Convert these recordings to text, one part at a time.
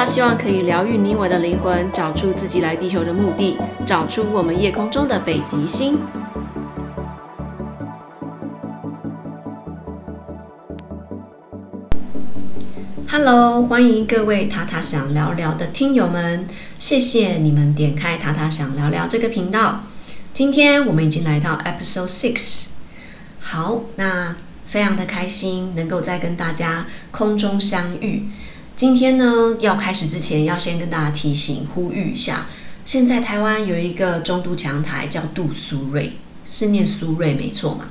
那希望可以療癒你我的靈魂，找出自己來地球的目的，找出我們夜空中的北極星。Hello，歡迎各位塔塔想聊聊的聽友們，謝謝你們點開塔塔想聊聊這個頻道。今天我們已經來到 Episode 6，好，那非常的開心能夠再跟大家空中相遇。今天呢，要開始之前，要先跟大家提醒、呼籲一下。現在台灣有一個中度強台，叫杜蘇芮，是念蘇芮沒錯嘛？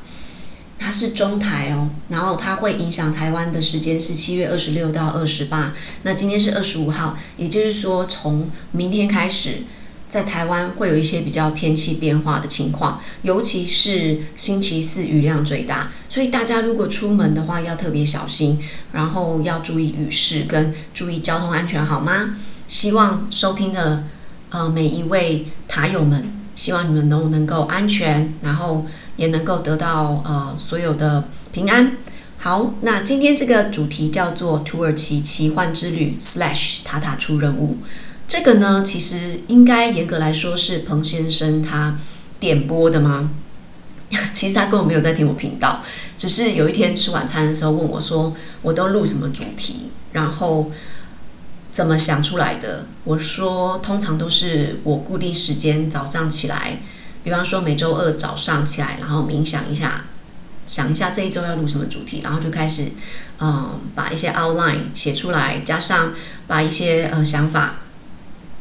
它是中台哦，然後它會影響台灣的時間是七月二十六到二十八。那今天是二十五號，也就是說從明天開始。在台灣會有一些比較天氣變化的情況，尤其是星期四雨量最大，所以大家如果出門的話要特別小心，然後要注意雨勢跟注意交通安全，好嗎？希望收聽的呃每一位塔友們，希望你們都能能夠安全，然後也能夠得到呃所有的平安。好，那今天這個主題叫做“土耳其奇幻之旅”/塔塔出任務。這個呢，其實應該嚴格來說是彭先生他點播的嗎？其實他根本沒有在聽我頻道，只是有一天吃晚餐的時候問我說：“我都錄什麼主題？然後怎麼想出來的？”我說：“通常都是我固定時間早上起來，比方說每週二早上起來，然後冥想一下，想一下這一週要錄什麼主題，然後就開始嗯把一些 outline 寫出來，加上把一些呃想法。”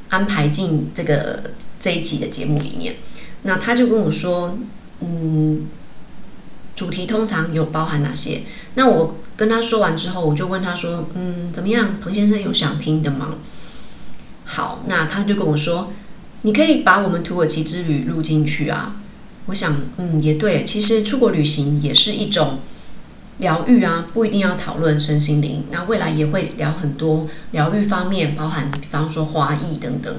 安排進這個這一集的節目裡面，那他就跟我說，嗯，主題通常有包含哪些？那我跟他說完之後，我就問他說，嗯，怎麼樣，彭先生有想聽的嗎？好，那他就跟我說，你可以把我們土耳其之旅錄進去啊。我想，嗯，也對，其實出國旅行也是一種。療癒啊，不一定要討論身心靈。那未來也會聊很多療癒方面，包含比方說花藝等等、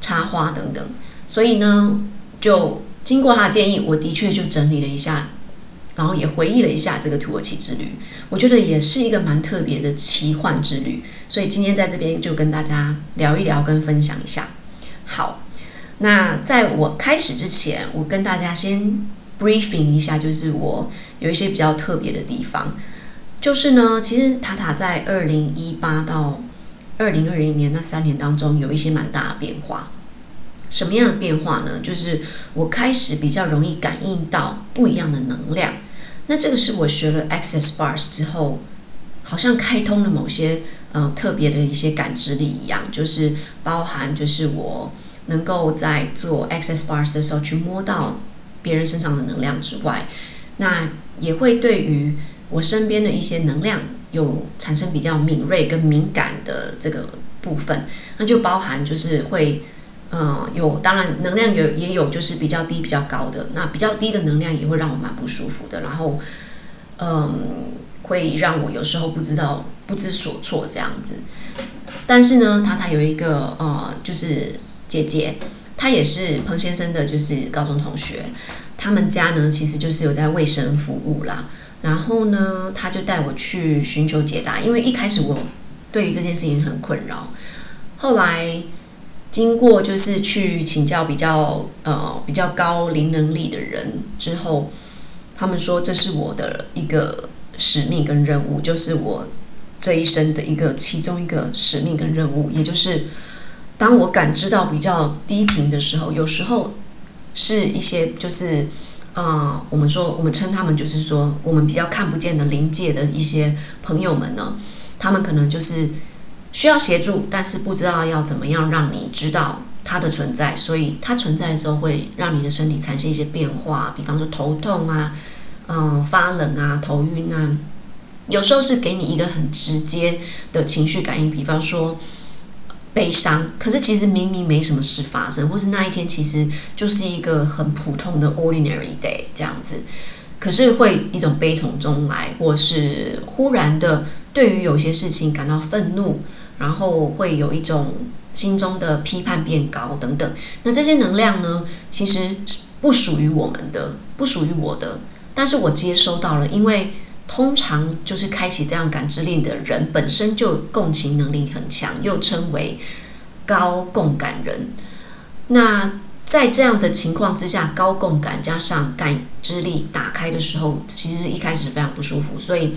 插花等等。所以呢，就經過他的建議，我的確就整理了一下，然後也回憶了一下這個土耳其之旅。我覺得也是一個蠻特別的奇幻之旅。所以今天在這邊就跟大家聊一聊，跟分享一下。好，那在我開始之前，我跟大家先 briefing 一下，就是我。有一些比較特別的地方，就是呢，其實塔塔在二零一八到二零二零年那三年當中，有一些蠻大的變化。什麼樣的變化呢？就是我開始比較容易感應到不一樣的能量。那這個是我學了 Access Bars 之後，好像開通了某些嗯、呃、特別的一些感知力一樣，就是包含就是我能夠在做 Access Bars 的時候去摸到別人身上的能量之外，那。也會對於我身邊的一些能量有產生比較敏銳跟敏感的這個部分，那就包含就是會，嗯，有當然能量有也有就是比較低比較高的，那比較低的能量也會讓我蠻不舒服的，然後，嗯，會讓我有時候不知道不知所措這樣子。但是呢，塔塔有一個呃，就是姐姐，她也是彭先生的，就是高中同學。他們家呢，其實就是有在為神服務啦。然後呢，他就帶我去尋求解答，因為一開始我對於這件事情很困擾。後來經過就是去請教比較呃比較高靈能力的人之後，他們說這是我的一個使命跟任務，就是我這一生的一個其中一個使命跟任務，也就是當我感知到比較低頻的時候，有時候。是一些就是，啊、呃，我們說我們稱他們就是說我們比較看不見的臨界的一些朋友們呢，他們可能就是需要協助，但是不知道要怎麼樣讓你知道它的存在，所以它存在的時候會讓你的身體產生一些變化，比方說頭痛啊，嗯、呃，發冷啊，頭暈啊，有時候是給你一個很直接的情緒感應，比方說。悲傷，可是其實明明沒什麼事發生，或是那一天其實就是一個很普通的 ordinary day 這樣子，可是會一種悲從中來，或是忽然的對於有些事情感到憤怒，然後會有一種心中的批判變高等等。那這些能量呢，其實是不屬於我們的，不屬於我的，但是我接收到了，因為。通常就是開啟這樣感知力的人，本身就共情能力很強，又稱為高共感人。那在這樣的情況之下，高共感加上感知力打開的時候，其實一開始是非常不舒服。所以，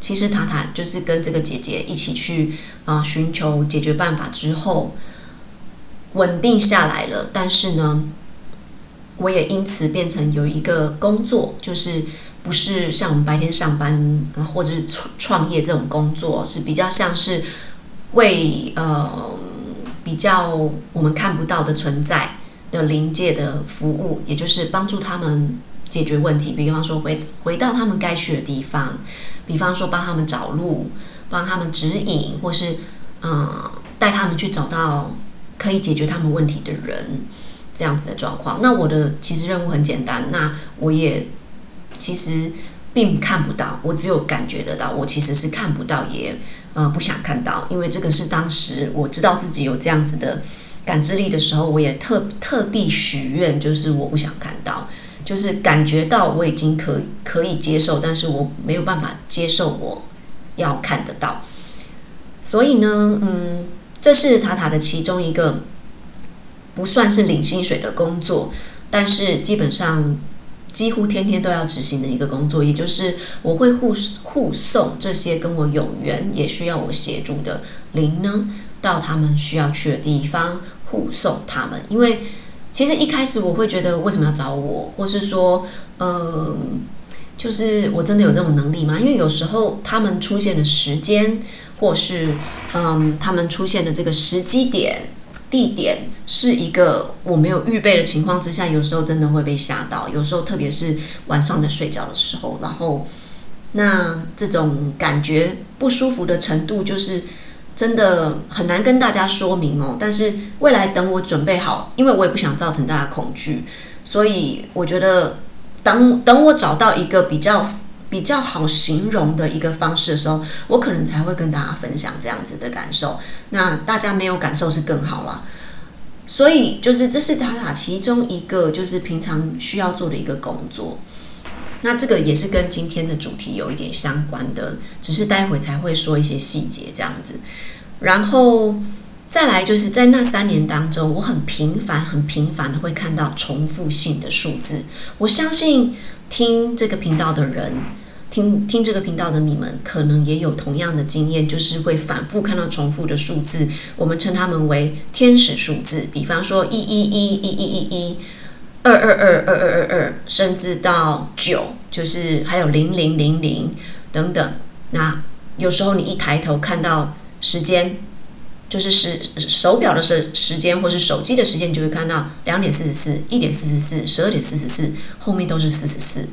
其實塔塔就是跟這個姐姐一起去啊，尋求解決辦法之後，穩定下來了。但是呢，我也因此變成有一個工作，就是。不是像我們白天上班或者是創創業這種工作，是比較像是為呃比較我們看不到的存在的靈界的服務，也就是幫助他們解決問題。比方說回回到他們該去的地方，比方說幫他們找路，幫他們指引，或是嗯帶、呃、他們去找到可以解決他們問題的人這樣子的狀況。那我的其實任務很簡單，那我也。其實並看不到，我只有感覺得到。我其實是看不到也，也呃不想看到，因為這個是當時我知道自己有這樣子的感知力的時候，我也特特地許願，就是我不想看到，就是感覺到我已經可以可以接受，但是我沒有辦法接受我要看得到。所以呢，嗯，這是塔塔的其中一個不算是領薪水的工作，但是基本上，幾乎天天都要執行的一個工作，也就是我會護護送這些跟我有緣也需要我協助的靈呢，到他們需要去的地方護送他們。因為其實一開始我會覺得為什麼要找我，或是說，嗯、呃，就是我真的有這種能力嗎？因為有時候他們出現的時間，或是嗯、呃，他們出現的這個時機點、地點。是一個我沒有預備的情況之下，有時候真的會被嚇到，有時候特別是晚上在睡覺的時候，然後那這種感覺不舒服的程度，就是真的很難跟大家說明哦。但是未來等我準備好，因為我也不想造成大家恐懼，所以我覺得等等我找到一個比較比較好形容的一個方式的時候，我可能才會跟大家分享這樣子的感受。那大家沒有感受是更好啊。所以，就是這是塔塔其中一個就是平常需要做的一個工作。那這個也是跟今天的主題有一點相關的，只是待會才會說一些細節這樣子。然後再來，就是在那三年當中，我很頻繁、很頻繁的會看到重複性的數字。我相信聽這個頻道的人。聽聽這個頻道的你們，可能也有同樣的經驗，就是會反復看到重複的數字，我們稱它們為天使數字。比方說，一、一、一、一、一、一、一，二、二、二、二、二、二、二，甚至到九，就是還有零、零、零、零等等。那有時候你一抬頭看到時間，就是時手錶的時時間，或是手機的時間，你就會看到兩點四十四、一點四十四、十二點四十四，後面都是四十四。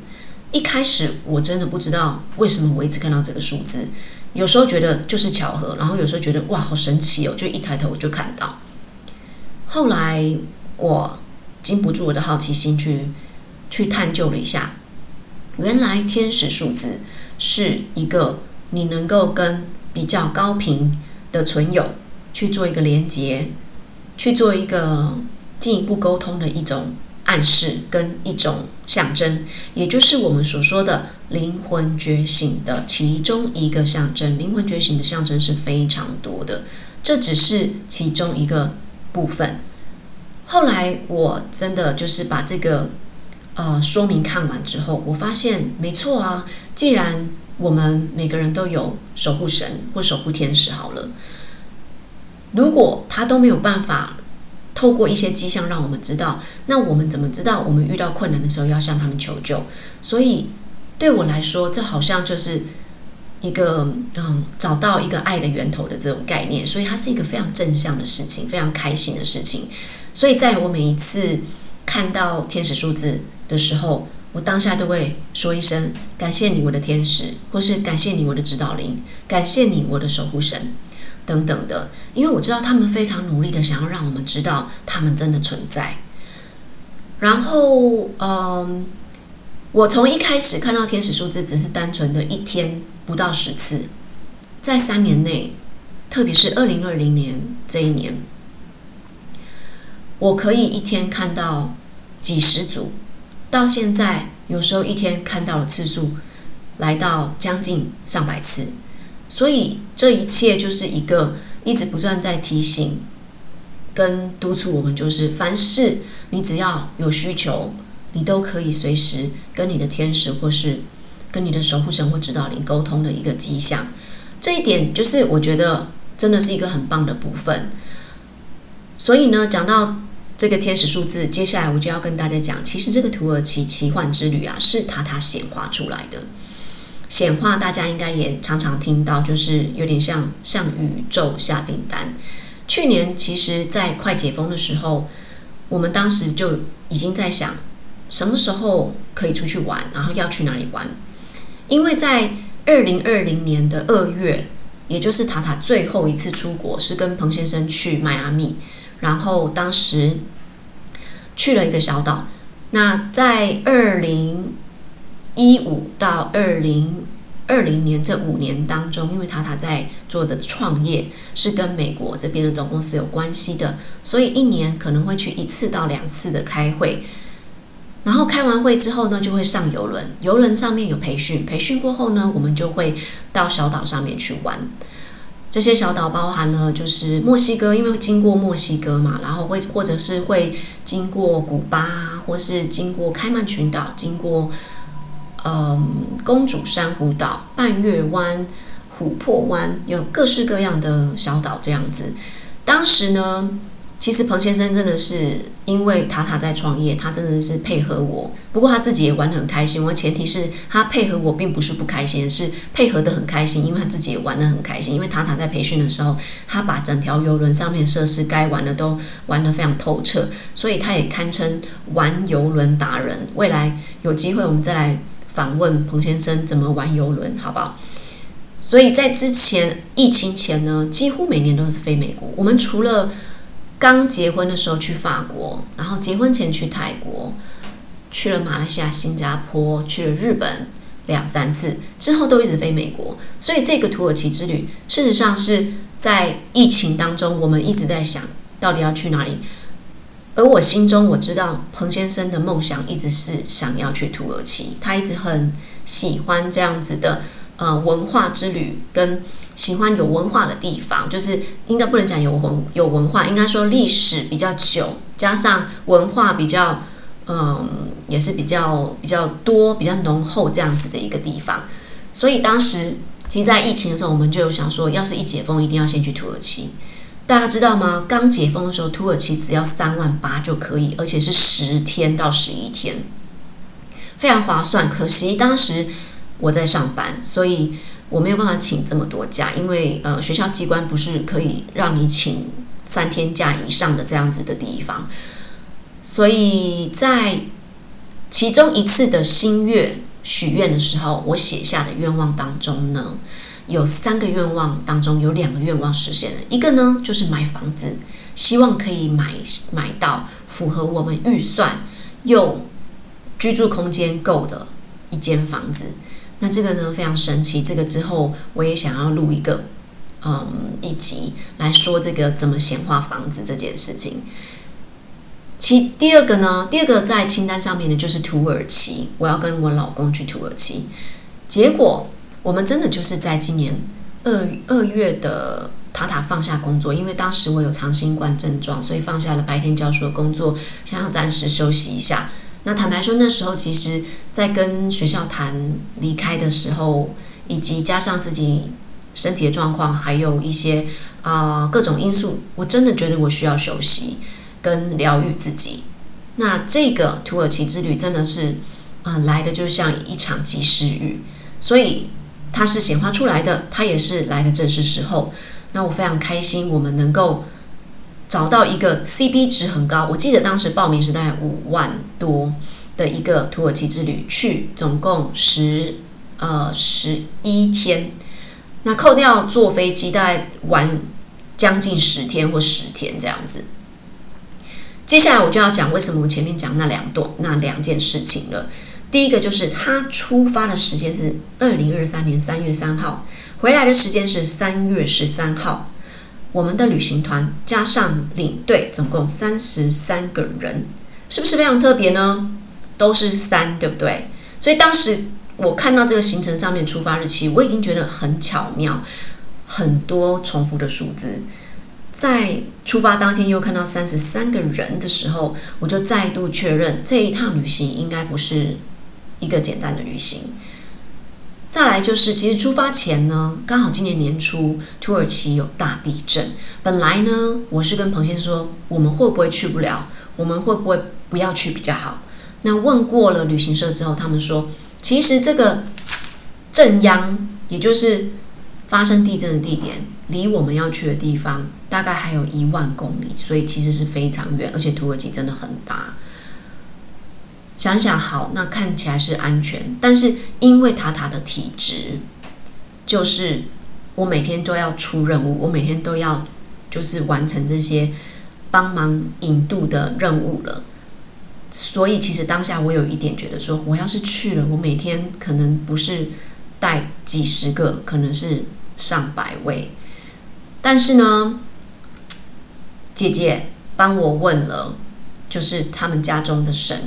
一開始我真的不知道為什麼我一直看到這個數字，有時候覺得就是巧合，然後有時候覺得哇，好神奇哦，就一抬頭我就看到。後來我禁不住我的好奇心去去探究了一下，原來天使數字是一個你能夠跟比較高頻的存有去做一個連接，去做一個進一步溝通的一種。暗示跟一種象徵，也就是我們所說的靈魂覺醒的其中一個象徵。靈魂覺醒的象徵是非常多的，這只是其中一個部分。後來我真的就是把這個呃說明看完之後，我發現沒錯啊，既然我們每個人都有守護神或守護天使，好了，如果他都沒有辦法。透過一些跡象讓我們知道，那我們怎麼知道？我們遇到困難的時候要向他們求救。所以對我來說，這好像就是一個嗯，找到一個愛的源頭的這種概念。所以它是一個非常正向的事情，非常開心的事情。所以在我每一次看到天使數字的時候，我當下都會說一聲：感謝你，我的天使；或是感謝你，我的指導靈；感謝你，我的守護神。等等的，因為我知道他們非常努力的想要讓我們知道他們真的存在。然後，嗯、呃，我從一開始看到天使數字只是單純的一天不到十次，在三年內，特別是二零二零年這一年，我可以一天看到幾十組，到現在有時候一天看到了次數來到將近上百次。所以這一切就是一個一直不斷在提醒跟督促我們，就是凡事你只要有需求，你都可以隨時跟你的天使或是跟你的守護神或指導靈溝通的一個跡象。這一點就是我覺得真的是一個很棒的部分。所以呢，講到這個天使數字，接下來我就要跟大家講，其實這個土耳其奇幻之旅啊，是塔塔顯化出來的。顯化，大家應該也常常聽到，就是有點像像宇宙下訂單。去年其實，在快解封的時候，我們當時就已經在想，什麼時候可以出去玩，然後要去哪裡玩。因為在二零二零年的二月，也就是塔塔最後一次出國，是跟彭先生去邁阿密，然後當時去了一個小島。那在二零。一五到二零二零年這五年當中，因為塔塔在做的創業是跟美國這邊的總公司有關係的，所以一年可能會去一次到兩次的開會。然後開完會之後呢，就會上郵輪，郵輪上面有培訓，培訓過後呢，我們就會到小島上面去玩。這些小島包含了就是墨西哥，因為經過墨西哥嘛，然後會或者是會經過古巴，或是經過開曼群島，經過。嗯，公主珊瑚島、半月灣、琥珀灣，有各式各樣的小島這樣子。當時呢，其實彭先生真的是因為塔塔在創業，他真的是配合我。不過他自己也玩得很開心。我前提是他配合我，並不是不開心，是配合得很開心，因為他自己也玩得很開心。因為塔塔在培訓的時候，他把整條遊輪上面設施該玩的都玩得非常透徹，所以他也堪稱玩遊輪達人。未來有機會，我們再來。訪問彭先生怎麼玩遊輪好不好？所以在之前疫情前呢，幾乎每年都是飛美國。我們除了剛結婚的時候去法國，然後結婚前去泰國，去了馬來西亞、新加坡，去了日本兩三次，之後都一直飛美國。所以這個土耳其之旅，事實上是在疫情當中，我們一直在想到底要去哪裡。而我心中我知道，彭先生的夢想一直是想要去土耳其。他一直很喜歡這樣子的，呃，文化之旅，跟喜歡有文化的地方，就是應該不能講有文有文化，應該說歷史比較久，加上文化比較，嗯，也是比較比較多、比較濃厚這樣子的一個地方。所以當時其實，在疫情的時候，我們就有想說，要是一解封，一定要先去土耳其。大家知道嗎？剛解封的時候，土耳其只要三萬八就可以，而且是十天到十一天，非常划算。可惜當時我在上班，所以我沒有辦法請這麼多假，因為呃，學校機關不是可以讓你請三天假以上的這樣子的地方。所以在其中一次的新月許願的時候，我寫下的願望當中呢。有三個願望當中，有兩個願望實現了。一個呢，就是買房子，希望可以買買到符合我們預算又居住空間夠的一間房子。那這個呢，非常神奇。這個之後我也想要錄一個，嗯，一集來說這個怎麼顯化房子這件事情。其第二個呢，第二個在清單上面的就是土耳其，我要跟我老公去土耳其。結果。我們真的就是在今年二二月的塔塔放下工作，因為當時我有長新冠症狀，所以放下了白天教書的工作，想要暫時休息一下。那坦白說，那時候其實，在跟學校談離開的時候，以及加上自己身體的狀況，還有一些啊、呃、各種因素，我真的覺得我需要休息跟療癒自己。那這個土耳其之旅真的是嗯、呃，來的就像一場及時雨，所以。它是顯化出來的，它也是來的正是時候。那我非常開心，我們能夠找到一個 CP 值很高。我記得當時報名是大概五萬多的一個土耳其之旅，去總共十呃十一天，那扣掉坐飛機大概玩將近十天或十天這樣子。接下來我就要講為什麼我前面講那兩段那兩件事情了。第一個就是他出發的時間是二零二三年三月三號，回來的時間是三月十三號。我們的旅行團加上領隊總共三十三個人，是不是非常特別呢？都是三，對不對？所以當時我看到這個行程上面出發日期，我已經覺得很巧妙，很多重複的數字。在出發當天又看到三十三個人的時候，我就再度確認這一趟旅行應該不是。一個簡單的旅行，再來就是，其實出發前呢，剛好今年年初土耳其有大地震。本來呢，我是跟彭先生說，我們會不會去不了？我們會不會不要去比較好？那問過了旅行社之後，他們說，其實這個震央，也就是發生地震的地點，離我們要去的地方大概還有一萬公里，所以其實是非常遠，而且土耳其真的很大。想想好，那看起來是安全，但是因為塔塔的體質，就是我每天都要出任務，我每天都要就是完成這些幫忙引渡的任務了。所以其實當下我有一點覺得說，我要是去了，我每天可能不是帶幾十個，可能是上百位。但是呢，姐姐幫我問了，就是他們家中的神。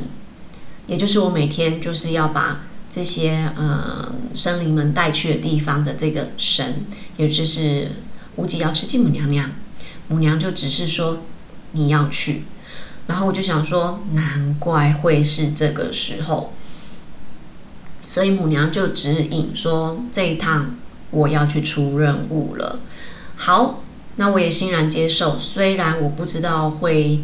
也就是我每天就是要把這些呃生靈們帶去的地方的這個神，也就是無極瑤池金母娘娘，母娘就只是說，你要去。然後我就想說難怪會是這個時候，所以母娘就指引說這一趟我要去出任務了。好，那我也欣然接受，雖然我不知道會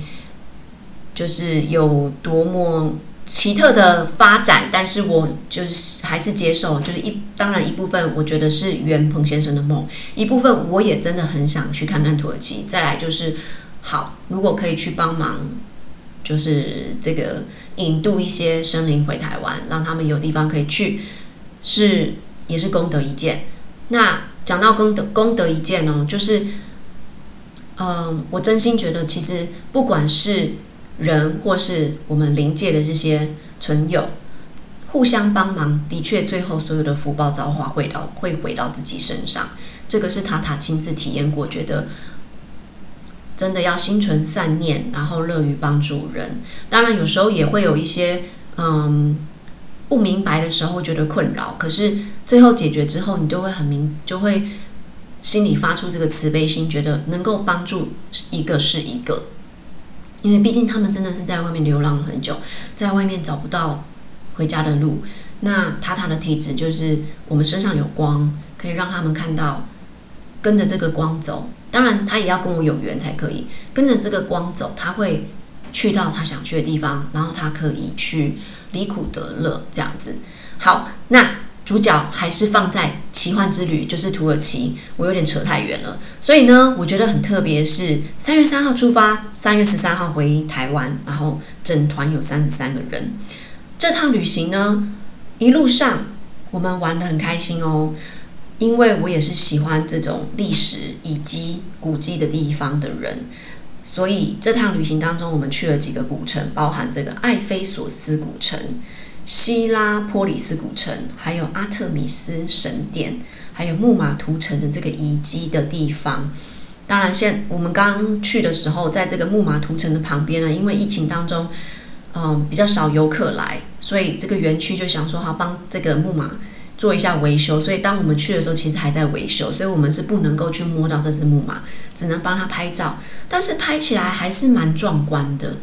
就是有多麼。奇特的發展，但是我就是還是接受，就是一當然一部分我覺得是圓彭先生的夢，一部分我也真的很想去看看土耳其。再來就是好，如果可以去幫忙，就是這個引渡一些生靈回台灣，讓他們有地方可以去，是也是功德一件。那講到功德功德一件哦，就是嗯、呃，我真心覺得其實不管是。人或是我們靈界的這些存有，互相幫忙，的確，最後所有的福報造化會到會回到自己身上。這個是塔塔親自體驗過，覺得真的要心存善念，然後樂於幫助人。當然，有時候也會有一些嗯，嗯不明白的時候，覺得困擾。可是最後解決之後，你就會很明，就會心裡發出這個慈悲心，覺得能夠幫助一個是一個。因為畢竟他們真的是在外面流浪很久，在外面找不到回家的路。那塔塔的體質就是我們身上有光，可以讓他們看到，跟着這個光走。當然，他也要跟我有緣才可以跟着這個光走。他會去到他想去的地方，然後他可以去離苦得樂這樣子。好，那。主角還是放在奇幻之旅，就是土耳其。我有點扯太遠了，所以呢，我覺得很特別是三月三號出發，三月十三號回台灣，然後整團有三十三個人。這趟旅行呢，一路上我們玩得很開心哦，因為我也是喜歡這種歷史以及古蹟的地方的人，所以這趟旅行當中，我們去了幾個古城，包含這個愛菲索斯古城。希拉波里斯古城，還有阿特米斯神殿，還有木馬屠城的這個遺跡的地方。當然，現在我們剛去的時候，在這個木馬屠城的旁邊呢，因為疫情當中，嗯，比較少遊客來，所以這個園區就想說好，好幫這個木馬做一下維修。所以當我們去的時候，其實還在維修，所以我們是不能夠去摸到這隻木馬，只能幫它拍照。但是拍起來還是蠻壯觀的。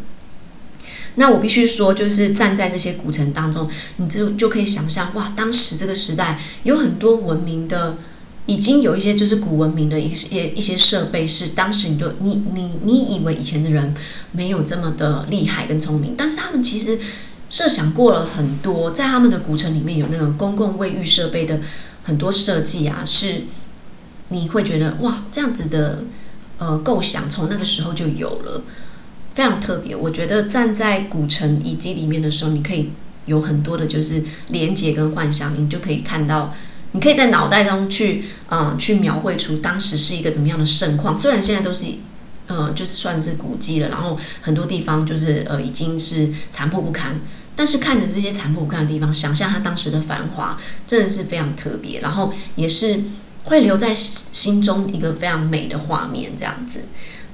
那我必須說，就是站在這些古城當中，你就就可以想象哇，當時這個時代有很多文明的，已經有一些就是古文明的一些一些設備，是當時你就你你你以為以前的人沒有這麼的厲害跟聰明，但是他們其實設想過了很多，在他們的古城裡面有那種公共衛浴設備的很多設計啊，是你會覺得哇，這樣子的呃構想從那個時候就有了。非常特別，我覺得站在古城遺跡裡面的時候，你可以有很多的，就是連接跟幻想，你就可以看到，你可以在腦袋中去，嗯、呃，去描繪出當時是一個怎麼樣的盛況。雖然現在都是，嗯、呃，就是、算是古蹟了，然後很多地方就是，呃，已經是殘破不堪，但是看着這些殘破不堪的地方，想象它當時的繁華，真的是非常特別，然後也是會留在心中一個非常美的畫面這樣子。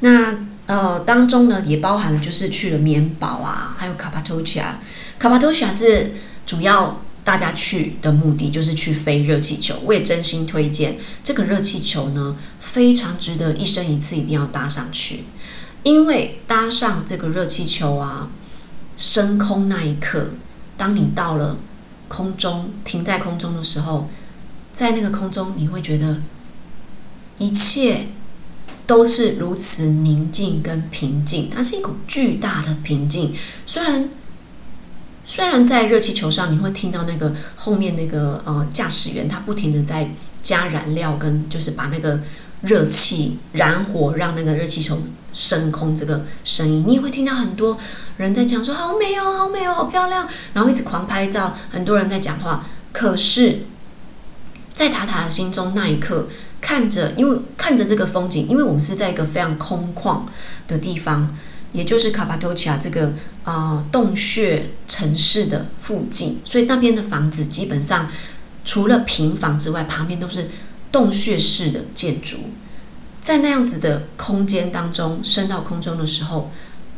那。呃，當中呢也包含了，就是去了棉堡啊，還有卡帕多奇亞。卡帕多奇亞是主要大家去的目的，就是去飛熱氣球。我也真心推薦這個熱氣球呢，非常值得一生一次，一定要搭上去。因為搭上這個熱氣球啊，升空那一刻，當你到了空中，停在空中的時候，在那個空中，你會覺得一切。都是如此寧靜跟平靜，它是一股巨大的平靜。雖然，雖然在熱氣球上，你會聽到那個後面那個呃駕駛員他不停的在加燃料跟，就是把那個熱氣燃火讓那個熱氣球升空這個聲音，你也會聽到很多人在講說好美哦，好美哦，好漂亮，然後一直狂拍照，很多人在講話。可是，在塔塔的心中那一刻。看着，因為看着這個風景，因為我們是在一個非常空曠的地方，也就是卡帕多奇亞這個啊、呃、洞穴城市的附近，所以那邊的房子基本上除了平房之外，旁邊都是洞穴式的建築。在那樣子的空間當中，升到空中的時候，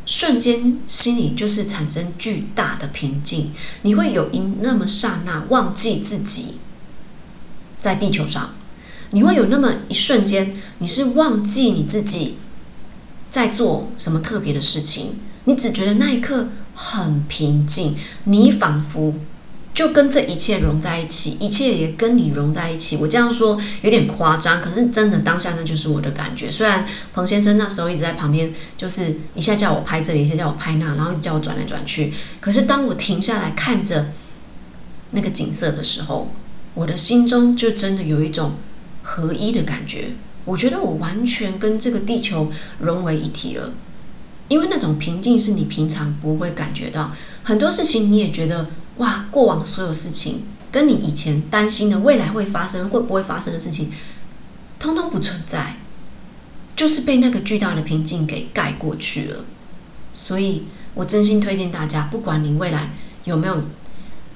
瞬間心裡就是產生巨大的平靜，你會有一那麼剎那忘記自己在地球上。你會有那麼一瞬間，你是忘記你自己在做什麼特別的事情，你只覺得那一刻很平靜，你仿佛就跟這一切融在一起，一切也跟你融在一起。我這樣說有點誇張，可是真的當下那就是我的感覺。雖然彭先生那時候一直在旁邊，就是一下叫我拍這裡，一下叫我拍那，然後一直叫我轉來轉去。可是當我停下來看着那個景色的時候，我的心中就真的有一種。合一的感覺，我覺得我完全跟這個地球融為一體了，因為那種平靜是你平常不會感覺到。很多事情你也覺得哇，過往所有事情跟你以前擔心的未來會發生或不會發生的事情，通通不存在，就是被那個巨大的平靜給蓋過去了。所以我真心推薦大家，不管你未來有沒有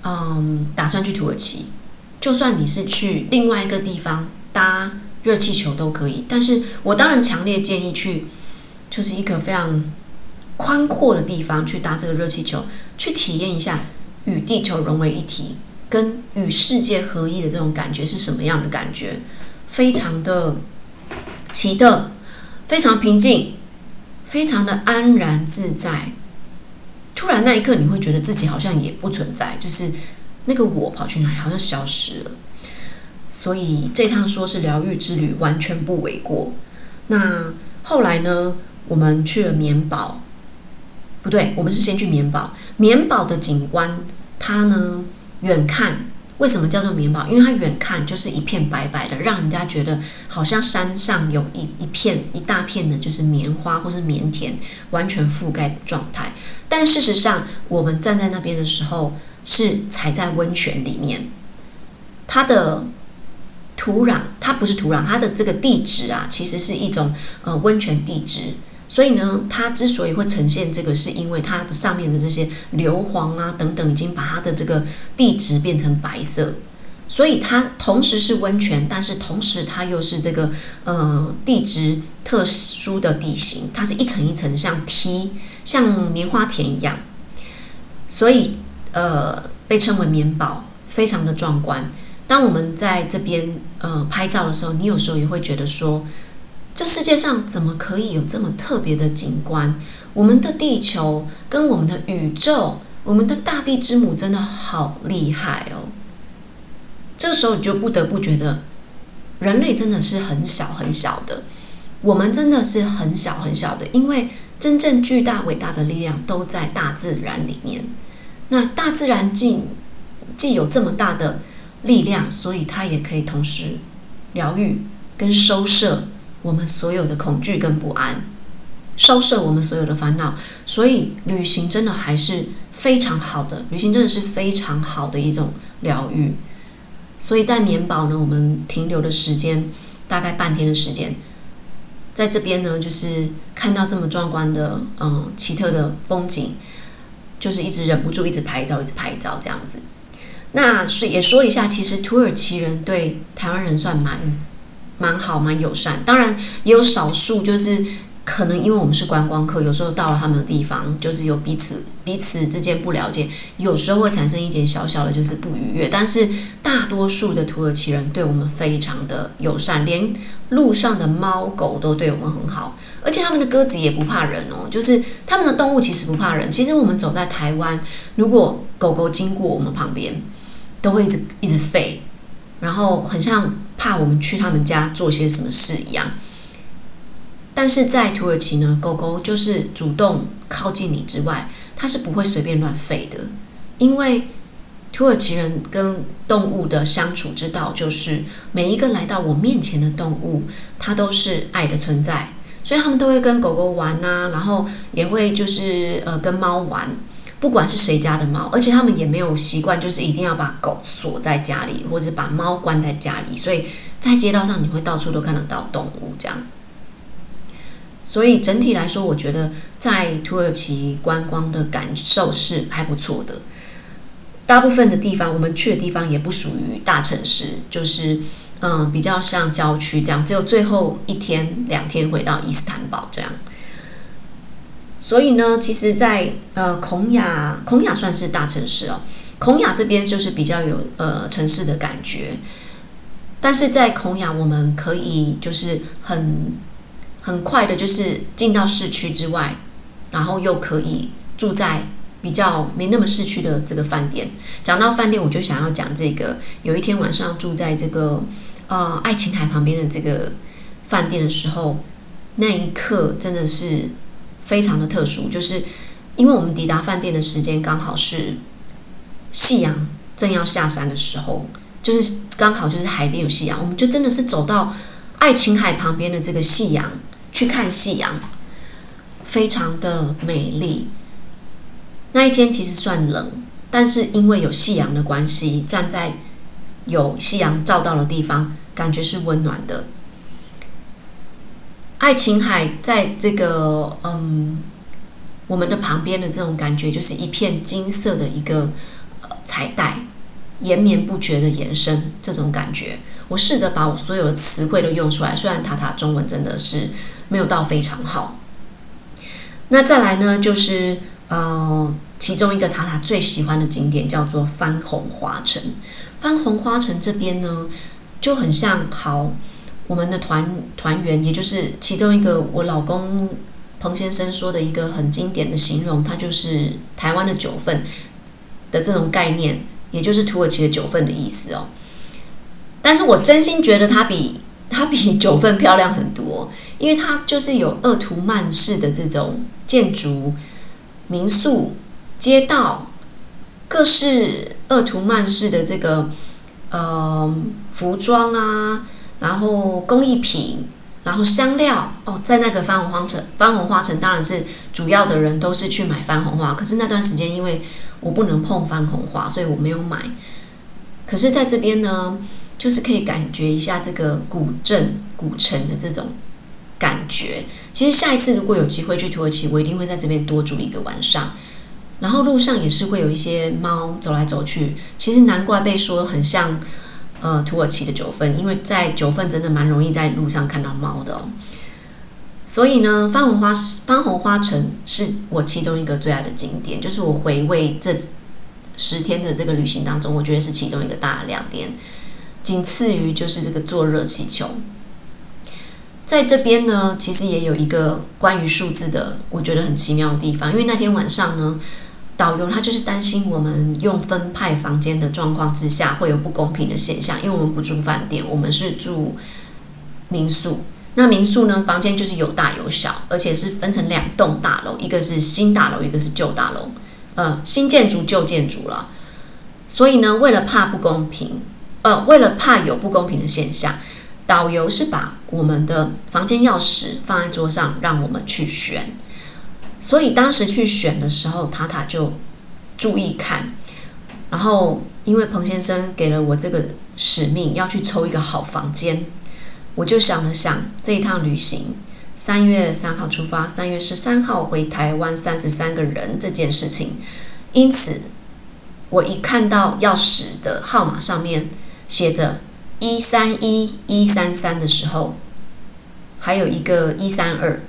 嗯打算去土耳其，就算你是去另外一個地方。搭熱氣球都可以，但是我當然強烈建議去，就是一個非常寬闊的地方去搭這個熱氣球，去體驗一下與地球融為一體、跟與世界合一的這種感覺是什麼樣的感覺？非常的奇特，非常平靜，非常的安然自在。突然那一刻，你會覺得自己好像也不存在，就是那個我跑去哪裡，好像消失了。所以這趟說是療癒之旅，完全不為過。那後來呢？我們去了棉堡，不對，我們是先去棉堡。棉堡的景觀，它呢遠看，為什麼叫做棉堡？因為它遠看就是一片白白的，讓人家覺得好像山上有一一片一大片的，就是棉花或是棉田完全覆蓋的狀態。但事實上，我們站在那邊的時候，是踩在溫泉裡面，它的。土壤，它不是土壤，它的這個地質啊，其實是一種呃溫泉地質，所以呢，它之所以會呈現這個，是因為它的上面的這些硫磺啊等等，已經把它的這個地質變成白色，所以它同時是溫泉，但是同時它又是這個呃地質特殊的地形，它是一層一層像梯像棉花田一樣，所以呃被稱為棉堡，非常的壯觀。當我們在這邊。呃，拍照的時候，你有時候也會覺得說，這世界上怎麼可以有這麼特別的景觀？我們的地球跟我們的宇宙，我們的大地之母真的好厲害哦。這時候你就不得不覺得，人類真的是很小很小的，我們真的是很小很小的，因為真正巨大偉大的力量都在大自然裡面。那大自然竟既，既有這麼大的。力量，所以它也可以同時療癒跟收攝我們所有的恐懼跟不安，收攝我們所有的煩惱。所以旅行真的還是非常好的，旅行真的是非常好的一種療癒。所以在棉堡呢，我們停留的時間大概半天的時間，在這邊呢，就是看到這麼壯觀的嗯、呃、奇特的風景，就是一直忍不住一直拍照，一直拍照這樣子。那是也說一下，其實土耳其人對台灣人算蠻蠻好、蠻友善。當然也有少數，就是可能因為我們是觀光客，有時候到了他們的地方，就是有彼此彼此之間不了解，有時候會產生一點小小的，就是不愉悅。但是大多數的土耳其人對我們非常的友善，連路上的貓狗都對我們很好，而且他們的鴿子也不怕人哦，就是他們的動物其實不怕人。其實我們走在台灣，如果狗狗經過我們旁邊，都會一直一直吠，然後很像怕我們去他們家做些什麼事一樣。但是在土耳其呢，狗狗就是主動靠近你之外，它是不會隨便亂吠的，因為土耳其人跟動物的相處之道就是每一個來到我面前的動物，它都是愛的存在，所以他們都會跟狗狗玩吶、啊，然後也會就是呃跟貓玩。不管是誰家的貓，而且他們也沒有習慣，就是一定要把狗鎖在家裡，或者把貓關在家裡，所以在街道上你會到處都看得到動物這樣。所以整體來說，我覺得在土耳其觀光的感受是還不錯的。大部分的地方，我們去的地方也不屬於大城市，就是嗯，比較像郊區這樣。只有最後一天兩天回到伊斯坦堡這樣。所以呢，其實在，在呃孔雅，孔雅算是大城市哦。孔雅這邊就是比較有呃城市的感覺，但是在孔雅，我們可以就是很很快的，就是進到市區之外，然後又可以住在比較沒那麼市區的這個飯店。講到飯店，我就想要講這個：有一天晚上住在這個呃愛琴海旁邊的這個飯店的時候，那一刻真的是。非常的特殊，就是因為我們抵達飯店的時間剛好是夕陽正要下山的時候，就是剛好就是海邊有夕陽，我們就真的是走到愛琴海旁邊的這個夕陽去看夕陽，非常的美麗。那一天其實算冷，但是因為有夕陽的關係，站在有夕陽照到的地方，感覺是溫暖的。愛琴海在這個嗯，我們的旁邊的這種感覺就是一片金色的一個、呃、彩帶，延綿不絕的延伸，這種感覺。我試着把我所有的詞彙都用出來，雖然塔塔中文真的是沒有到非常好。那再來呢，就是呃，其中一個塔塔最喜歡的景點叫做番紅花城。番紅花城這邊呢，就很像好。我們的團團員，也就是其中一個，我老公彭先生說的一個很經典的形容，它就是台灣的九份的這種概念，也就是土耳其的九份的意思哦。但是我真心覺得它比它比九份漂亮很多，因為它就是有鄂圖曼式的這種建築、民宿、街道，各式鄂圖曼式的這個呃服裝啊。然後工藝品，然後香料哦，在那個番紅花城，番紅花城當然是主要的人都是去買番紅花，可是那段時間因為我不能碰番紅花，所以我沒有買。可是在這邊呢，就是可以感覺一下這個古鎮古城的這種感覺。其實下一次如果有機會去土耳其，我一定會在這邊多住一個晚上。然後路上也是會有一些貓走來走去，其實難怪被說很像。呃，土耳其的九份，因為在九份真的蠻容易在路上看到貓的哦。所以呢，番紅花番紅花城是我其中一個最愛的景點，就是我回味這十天的這個旅行當中，我覺得是其中一個大的亮點，僅次於就是這個坐熱氣球。在這邊呢，其實也有一個關於數字的，我覺得很奇妙的地方，因為那天晚上呢。導遊他就是擔心我們用分派房間的狀況之下會有不公平的現象，因為我們不住飯店，我們是住民宿。那民宿呢，房間就是有大有小，而且是分成兩棟大樓，一個是新大樓，一個是舊大樓，呃，新建築舊建築了。所以呢，為了怕不公平，呃，為了怕有不公平的現象，導遊是把我們的房間鑰匙放在桌上，讓我們去選。所以當時去選的時候，塔塔就注意看，然後因為彭先生給了我這個使命，要去抽一個好房間，我就想了想這一趟旅行，三月三號出發，三月十三號回台灣，三十三個人這件事情，因此我一看到鑰匙的號碼上面寫着一三一一三三的時候，還有一個一三二。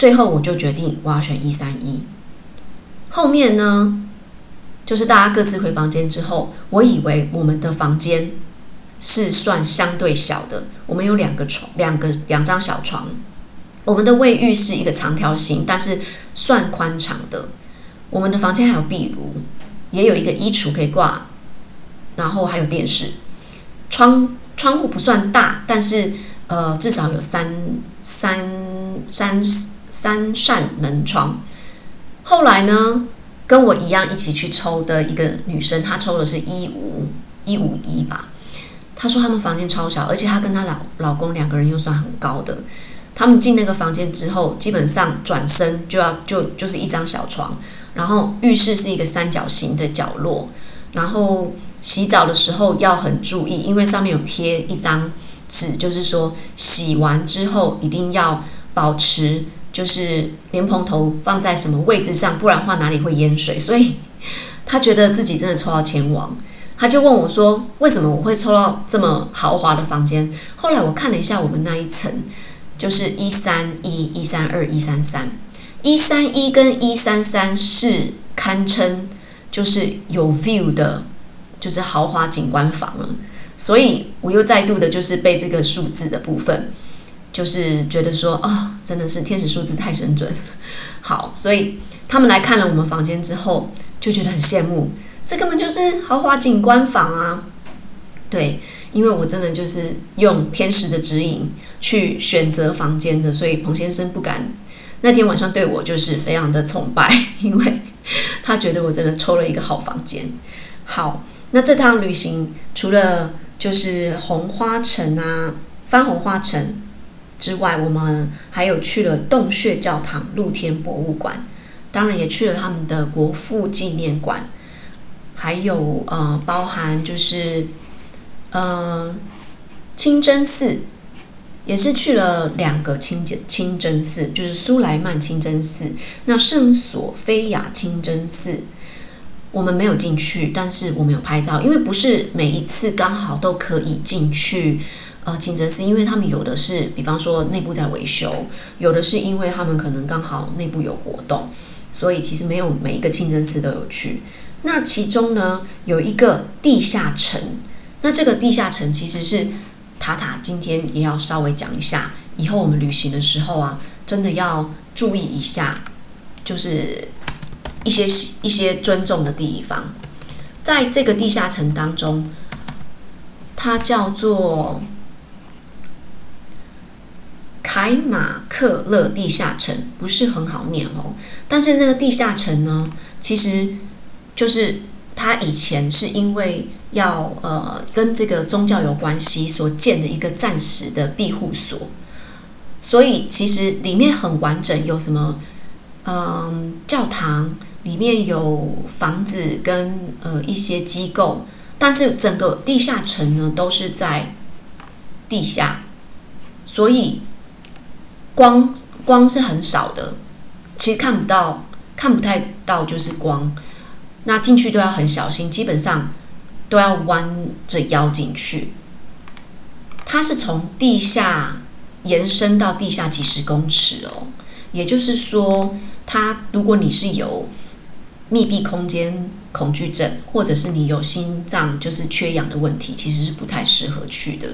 最後我就決定，我要選一三一。後面呢，就是大家各自回房間之後，我以為我們的房間是算相對小的。我們有兩個床，兩個兩張小床。我們的衛浴是一個長條形，但是算寬敞的。我們的房間還有壁爐，也有一個衣櫥可以掛，然後還有電視。窗窗戶不算大，但是呃，至少有三三三三扇門窗。後來呢，跟我一樣一起去抽的一個女生，她抽的是一五一五一，吧。她說她們房間超小，而且她跟她老老公兩個人又算很高的。她們進那個房間之後，基本上轉身就要就就是一張小床，然後浴室是一個三角形的角落，然後洗澡的時候要很注意，因為上面有貼一張紙，就是說洗完之後一定要保持。就是蓮蓬頭放在什麼位置上，不然的話哪裡會淹水？所以他覺得自己真的抽到籤王，他就問我說：“為什麼我會抽到這麼豪華的房間？”後來我看了一下我們那一層，就是一三一、一三二、一三三、一三一跟一三三是堪稱就是有 view 的，就是豪華景觀房了。所以我又再度的，就是被這個數字的部分。就是覺得說，哦，真的是天使數字太神準，好，所以他們來看了我們房間之後，就覺得很羨慕，這根本就是豪華景觀房啊！對，因為我真的就是用天使的指引去選擇房間的，所以彭先生不敢那天晚上對我就是非常的崇拜，因為他覺得我真的抽了一個好房間。好，那這趟旅行除了就是紅花城啊，番紅花城。之外，我們還有去了洞穴教堂、露天博物館，當然也去了他們的國父紀念館，還有呃，包含就是呃清真寺，也是去了兩個清真清真寺，就是蘇萊曼清真寺，那聖索菲亞清真寺，我們沒有進去，但是我們有拍照，因為不是每一次剛好都可以進去。呃，清真寺，因為他們有的是，比方說內部在維修，有的是因為他們可能剛好內部有活動，所以其實沒有每一個清真寺都有去。那其中呢，有一個地下城，那這個地下城其實是塔塔今天也要稍微講一下，以後我們旅行的時候啊，真的要注意一下，就是一些一些尊重的地方。在這個地下城當中，它叫做。台馬克勒地下城不是很好念哦，但是那個地下城呢，其實就是他以前是因為要呃跟這個宗教有關係所建的一個暫時的庇護所，所以其實裡面很完整，有什麼嗯、呃、教堂裡面有房子跟呃一些機構，但是整個地下城呢都是在地下，所以，光光是很少的，其實看不到，看不太到就是光。那進去都要很小心，基本上都要彎着腰進去。它是從地下延伸到地下幾十公尺哦，也就是說，它如果你是有密閉空間恐懼症，或者是你有心臟就是缺氧的問題，其實是不太適合去的。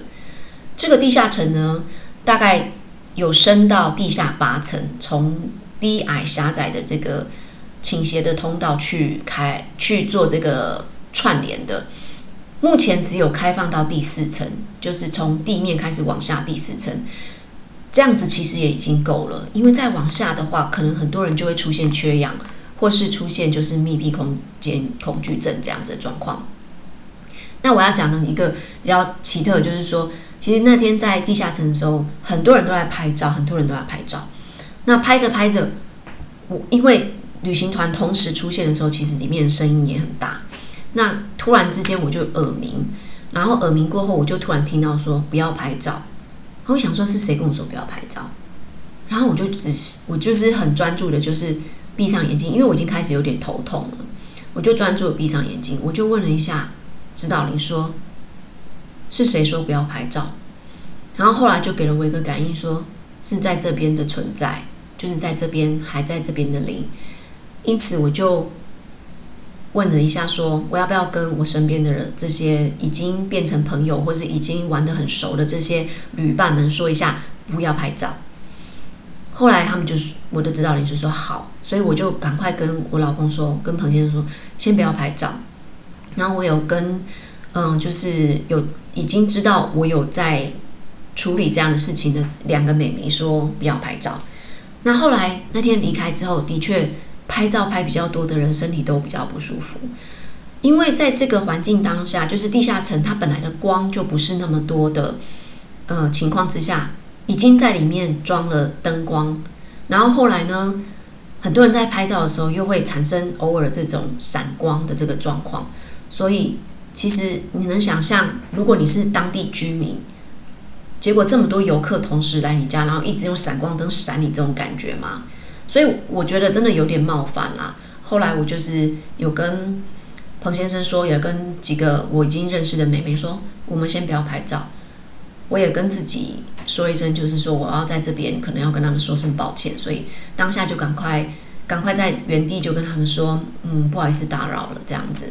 這個地下城呢，大概。有升到地下八層，從低矮狹窄的這個傾斜的通道去開去做這個串聯的。目前只有開放到第四層，就是從地面開始往下第四層，這樣子其實也已經夠了。因為再往下的話，可能很多人就會出現缺氧，或是出現就是密閉空間恐懼症這樣子的狀況。那我要講的一個比較奇特的，就是說。其實那天在地下城的時候，很多人都在拍照，很多人都在拍照。那拍着拍着，我因為旅行團同時出現的時候，其實裡面的聲音也很大。那突然之間我就耳鳴，然後耳鳴過後，我就突然聽到說不要拍照。我想說是誰跟我說不要拍照？然後我就只是我就是很專注的，就是閉上眼睛，因為我已經開始有點頭痛了。我就專注閉上眼睛，我就問了一下指導靈說。是誰說不要拍照？然後後來就給了我一個感應說，說是在這邊的存在，就是在這邊還在這邊的靈，因此我就問了一下說，說我要不要跟我身邊的人，這些已經變成朋友，或是已經玩得很熟的這些旅伴們說一下不要拍照。後來他們就我的指導靈，就說好，所以我就趕快跟我老公說，跟彭先生說，先不要拍照。然後我有跟。嗯，就是有已經知道我有在處理這樣的事情的兩個美眉說不要拍照。那後來那天離開之後，的確拍照拍比較多的人身體都比較不舒服，因為在這個環境當下，就是地下城它本來的光就不是那麼多的，呃情況之下已經在裡面裝了燈光，然後後來呢，很多人在拍照的時候又會產生偶爾這種閃光的這個狀況，所以。其實你能想象，如果你是當地居民，結果這麼多遊客同時來你家，然後一直用閃光燈閃你這種感覺嗎？所以我覺得真的有點冒犯啦、啊。後來我就是有跟彭先生說，也跟幾個我已經認識的妹妹說，我們先不要拍照。我也跟自己說一聲，就是說我要在這邊，可能要跟他們說聲抱歉。所以當下就趕快、趕快在原地就跟他們說，嗯，不好意思，打擾了，這樣子。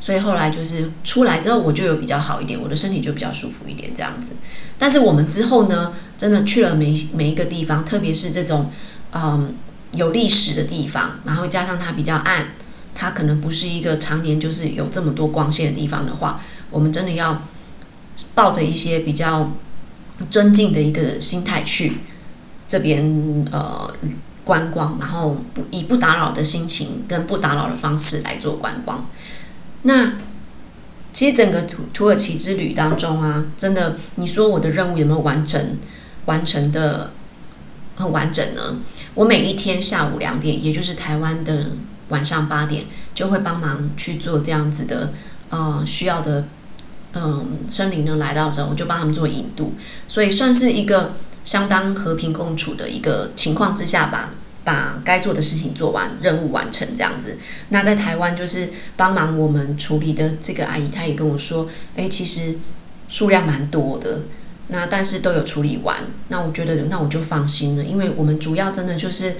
所以後來就是出來之後，我就有比較好一點，我的身體就比較舒服一點這樣子。但是我們之後呢，真的去了每每一個地方，特別是這種嗯、呃、有歷史的地方，然後加上它比較暗，它可能不是一個常年就是有這麼多光線的地方的話，我們真的要抱着一些比較尊敬的一個心態去這邊呃觀光，然後不以不打擾的心情跟不打擾的方式來做觀光。那其實整個土土耳其之旅當中啊，真的，你說我的任務有沒有完成？完成的很完整呢。我每一天下午兩點，也就是台灣的晚上八點，就會幫忙去做這樣子的，呃，需要的，嗯、呃，生靈呢來到的時候，我就幫他們做引渡，所以算是一個相當和平共處的一個情況之下吧。把該，啊，做的事情做完，任務完成這樣子。那在台灣就是幫忙我們處理的這個阿姨，她也跟我說：“誒，欸，其實數量蠻多的，那但是都有處理完。”那我覺得，那我就放心了，因為我們主要真的就是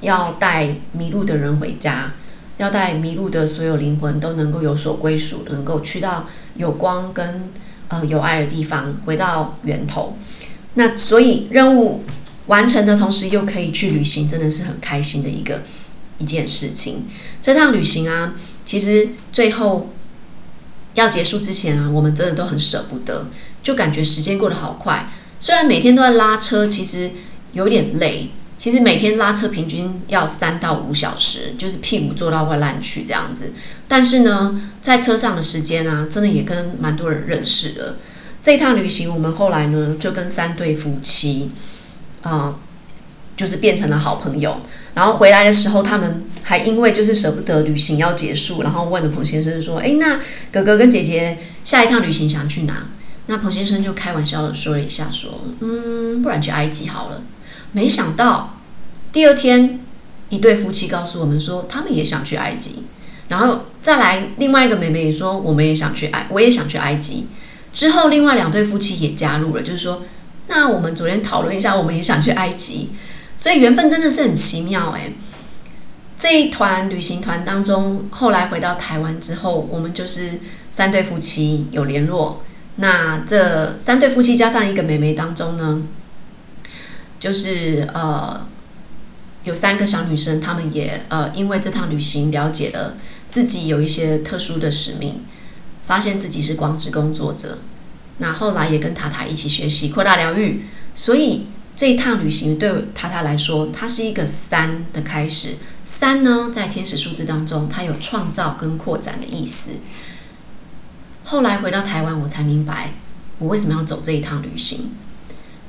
要帶迷路的人回家，要帶迷路的所有靈魂都能夠有所歸屬，能夠去到有光跟呃有愛的地方，回到源頭。那所以任務。完成，的同時又可以去旅行，真的是很開心的一個一件事情。這趟旅行啊，其實最後要結束之前啊，我們真的都很捨不得，就感覺時間過得好快。雖然每天都在拉車，其實有點累。其實每天拉車平均要三到五小時，就是屁股坐到會爛去這樣子。但是呢，在車上的時間啊，真的也跟蠻多人認識了。這一趟旅行，我們後來呢，就跟三對夫妻。啊、嗯，就是變成了好朋友。然後回來的時候，他們還因為就是舍不得旅行要結束，然後問了彭先生說：“誒，那哥哥跟姐姐下一趟旅行想去哪？”那彭先生就開玩笑的說了一下，說：“嗯，不然去埃及好了。”沒想到第二天，一對夫妻告訴我們說，他們也想去埃及。然後再來另外一個妹妹也說：“我們也想去埃，我也想去埃及。”之後，另外兩對夫妻也加入了，就是說。那我們昨天討論一下，我們也想去埃及，所以緣分真的是很奇妙欸。這一團旅行團當中，後來回到台灣之後，我們就是三對夫妻有聯絡。那這三對夫妻加上一個妹妹當中呢，就是呃，有三個小女生，她們也呃，因為這趟旅行了解了自己有一些特殊的使命，發現自己是光之工作者。那後來也跟塔塔一起學習擴大療癒，所以這一趟旅行對塔塔來說，它是一個三的開始。三呢，在天使數字當中，它有創造跟擴展的意思。後來回到台灣，我才明白我為什麼要走這一趟旅行，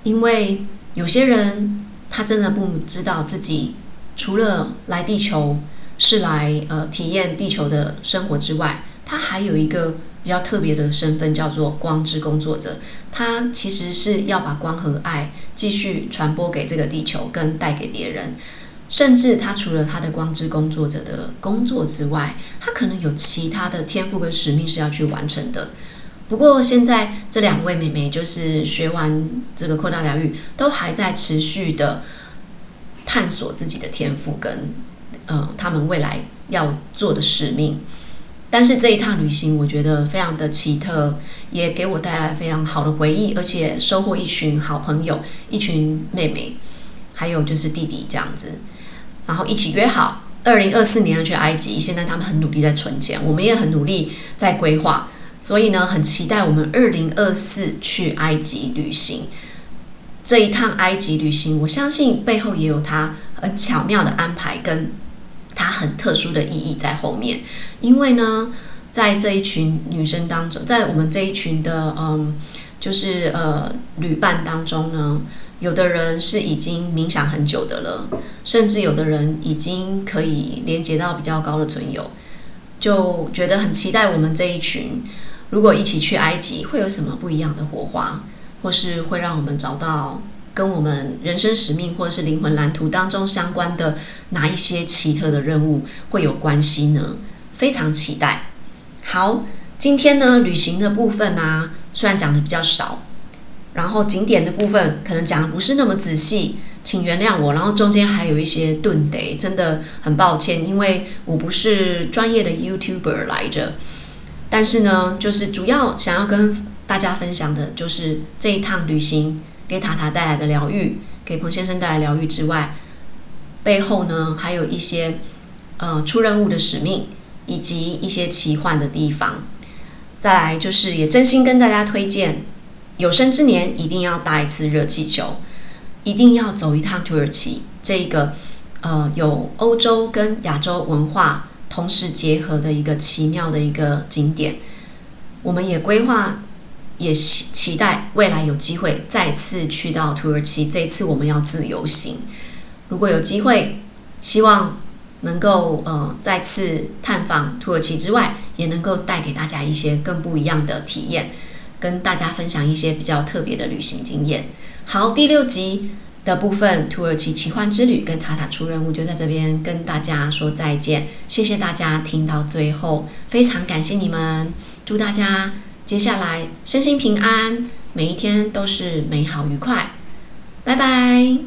因為有些人他真的不知道自己除了來地球是來呃體驗地球的生活之外，他還有一個。比較特別的身份叫做光之工作者，他其實是要把光和愛繼續傳播給這個地球，跟帶給別人。甚至他除了他的光之工作者的工作之外，他可能有其他的天賦跟使命是要去完成的。不過現在這兩位美眉就是學完這個擴大療癒，都還在持續的探索自己的天賦跟呃他們未來要做的使命。但是這一趟旅行，我覺得非常的奇特，也給我帶來非常好的回憶，而且收穫一群好朋友，一群妹妹，還有就是弟弟這樣子，然後一起約好二零二四年要去埃及。現在他們很努力在存錢，我們也很努力在規劃，所以呢，很期待我們二零二四去埃及旅行。這一趟埃及旅行，我相信背後也有他很巧妙的安排跟。它很特殊的意義在後面，因為呢，在這一群女生當中，在我們這一群的嗯，就是呃旅伴當中呢，有的人是已經冥想很久的了，甚至有的人已經可以連接到比較高的存有，就覺得很期待我們這一群，如果一起去埃及，會有什麼不一樣的火花，或是會讓我們找到。跟我們人生使命或者是靈魂藍圖當中相關的哪一些奇特的任務會有關係呢？非常期待。好，今天呢，旅行的部分呢、啊，雖然講得比較少，然後景點的部分可能講得不是那麼仔細，請原諒我。然後中間還有一些頓 day，真的很抱歉，因為我不是專業的 YouTuber 來着。但是呢，就是主要想要跟大家分享的就是這一趟旅行。給塔塔帶來的療癒，給彭先生帶來療癒之外，背後呢還有一些呃出任務的使命，以及一些奇幻的地方。再來就是也真心跟大家推薦，有生之年一定要搭一次熱氣球，一定要走一趟土耳其，這個呃有歐洲跟亞洲文化同時結合的一個奇妙的一個景點。我們也規劃。也期期待未來有機會再次去到土耳其，這一次我們要自由行。如果有機會，希望能夠呃再次探訪土耳其之外，也能夠帶給大家一些更不一樣的體驗，跟大家分享一些比較特別的旅行經驗。好，第六集的部分《土耳其奇幻之旅》跟塔塔出任務就在這邊跟大家說再見，謝謝大家聽到最後，非常感謝你們，祝大家接下來，身心平安，每一天都是美好愉快。拜拜。